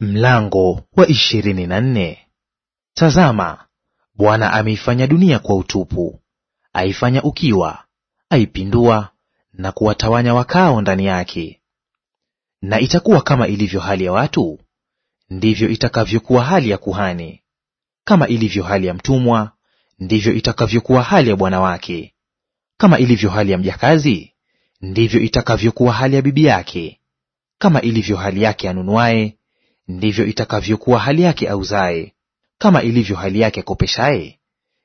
Mlango wa ishirini na nne. Tazama, Bwana ameifanya dunia kwa utupu, aifanya ukiwa, aipindua na kuwatawanya wakao ndani yake. Na itakuwa kama ilivyo hali ya watu, ndivyo itakavyokuwa hali ya kuhani; kama ilivyo hali ya mtumwa, ndivyo itakavyokuwa hali ya bwana wake; kama ilivyo hali ya mjakazi, ndivyo itakavyokuwa hali ya bibi yake; kama ilivyo hali yake anunuaye ndivyo itakavyokuwa hali yake auzaye; kama ilivyo hali yake akopeshaye,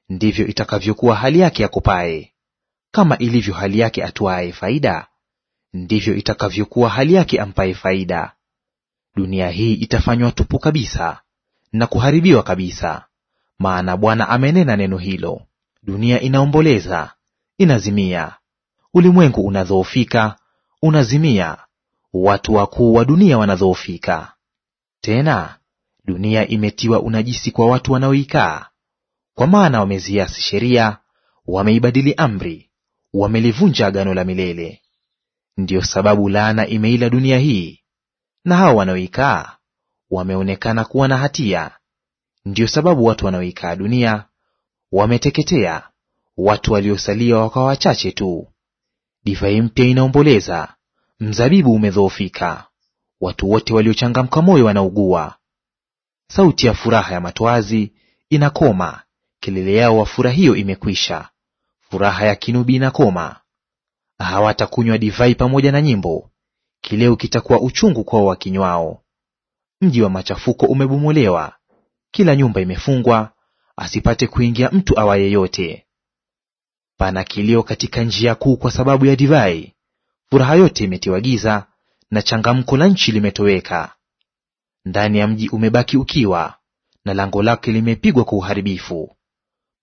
ndivyo itakavyokuwa hali yake akopaye; kama ilivyo hali yake atwaye faida, ndivyo itakavyokuwa hali yake ampaye faida. Dunia hii itafanywa tupu kabisa na kuharibiwa kabisa, maana Bwana amenena neno hilo. Dunia inaomboleza, inazimia; ulimwengu unadhoofika, unazimia; watu wakuu wa dunia wanadhoofika. Tena dunia imetiwa unajisi kwa watu wanaoikaa, kwa maana wameziasi sheria, wameibadili amri, wamelivunja agano la milele. Ndiyo sababu laana imeila dunia hii, na hao wanaoikaa wameonekana kuwa na hatia. Ndiyo sababu watu wanaoikaa dunia wameteketea, watu waliosalia wakawa wachache tu. Divai mpya inaomboleza, mzabibu umedhoofika watu wote waliochangamka moyo wanaugua. Sauti ya furaha ya matoazi inakoma, kelele yao wafurahio imekwisha, furaha ya kinubi inakoma. Hawatakunywa divai pamoja na nyimbo, kileo kitakuwa uchungu kwao wakinywao. Mji wa machafuko umebomolewa, kila nyumba imefungwa, asipate kuingia mtu awa yeyote. Pana kilio katika njia kuu kwa sababu ya divai, furaha yote imetiwa giza na changamko la nchi limetoweka. Ndani ya mji umebaki ukiwa, na lango lake limepigwa kwa uharibifu.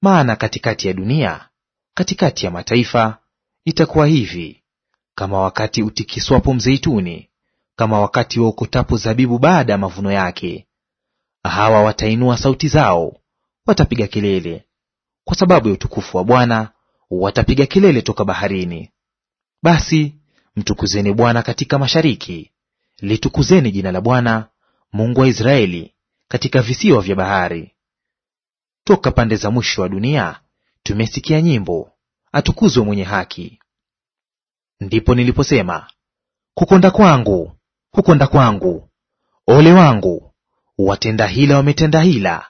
Maana katikati ya dunia, katikati ya mataifa, itakuwa hivi kama wakati utikiswapo mzeituni, kama wakati wa ukotapo zabibu baada ya mavuno yake. Hawa watainua sauti zao, watapiga kelele kwa sababu ya utukufu wa Bwana, watapiga kelele toka baharini. Basi Mtukuzeni Bwana katika mashariki, litukuzeni jina la Bwana Mungu wa Israeli katika visiwa vya bahari. Toka pande za mwisho wa dunia tumesikia nyimbo, atukuzwe mwenye haki. Ndipo niliposema, kukonda kwangu, kukonda kwangu, ole wangu! Watenda hila wametenda hila,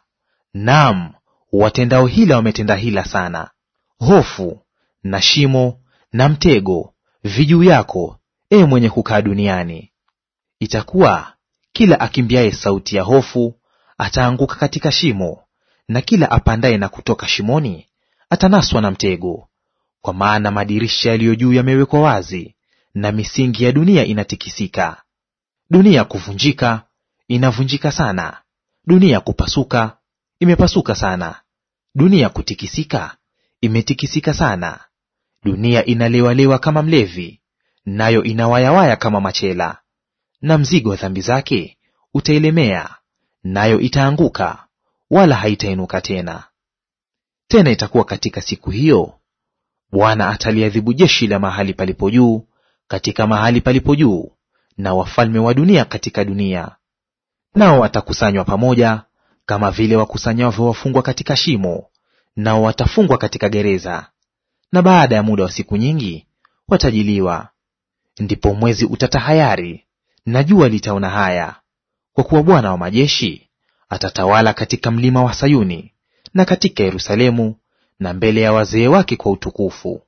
naam, watendao hila wametenda hila sana. Hofu na shimo na mtego vijuu yako, e mwenye kukaa duniani. Itakuwa kila akimbiaye sauti ya hofu ataanguka katika shimo, na kila apandaye na kutoka shimoni atanaswa na mtego. Kwa maana madirisha yaliyo juu yamewekwa wazi, na misingi ya dunia inatikisika. Dunia kuvunjika, inavunjika sana; dunia kupasuka, imepasuka sana; dunia kutikisika, imetikisika sana. Dunia inalewalewa kama mlevi, nayo inawayawaya kama machela. Na mzigo wa dhambi zake utailemea, nayo itaanguka, wala haitainuka tena. Tena itakuwa katika siku hiyo, Bwana ataliadhibu jeshi la mahali palipo juu katika mahali palipo juu, na wafalme wa dunia katika dunia. Nao watakusanywa pamoja kama vile wakusanyavyo wafungwa katika shimo, nao watafungwa katika gereza, na baada ya muda wa siku nyingi watajiliwa. Ndipo mwezi utatahayari na jua litaona haya, kwa kuwa Bwana wa majeshi atatawala katika mlima wa Sayuni na katika Yerusalemu na mbele ya wazee wake kwa utukufu.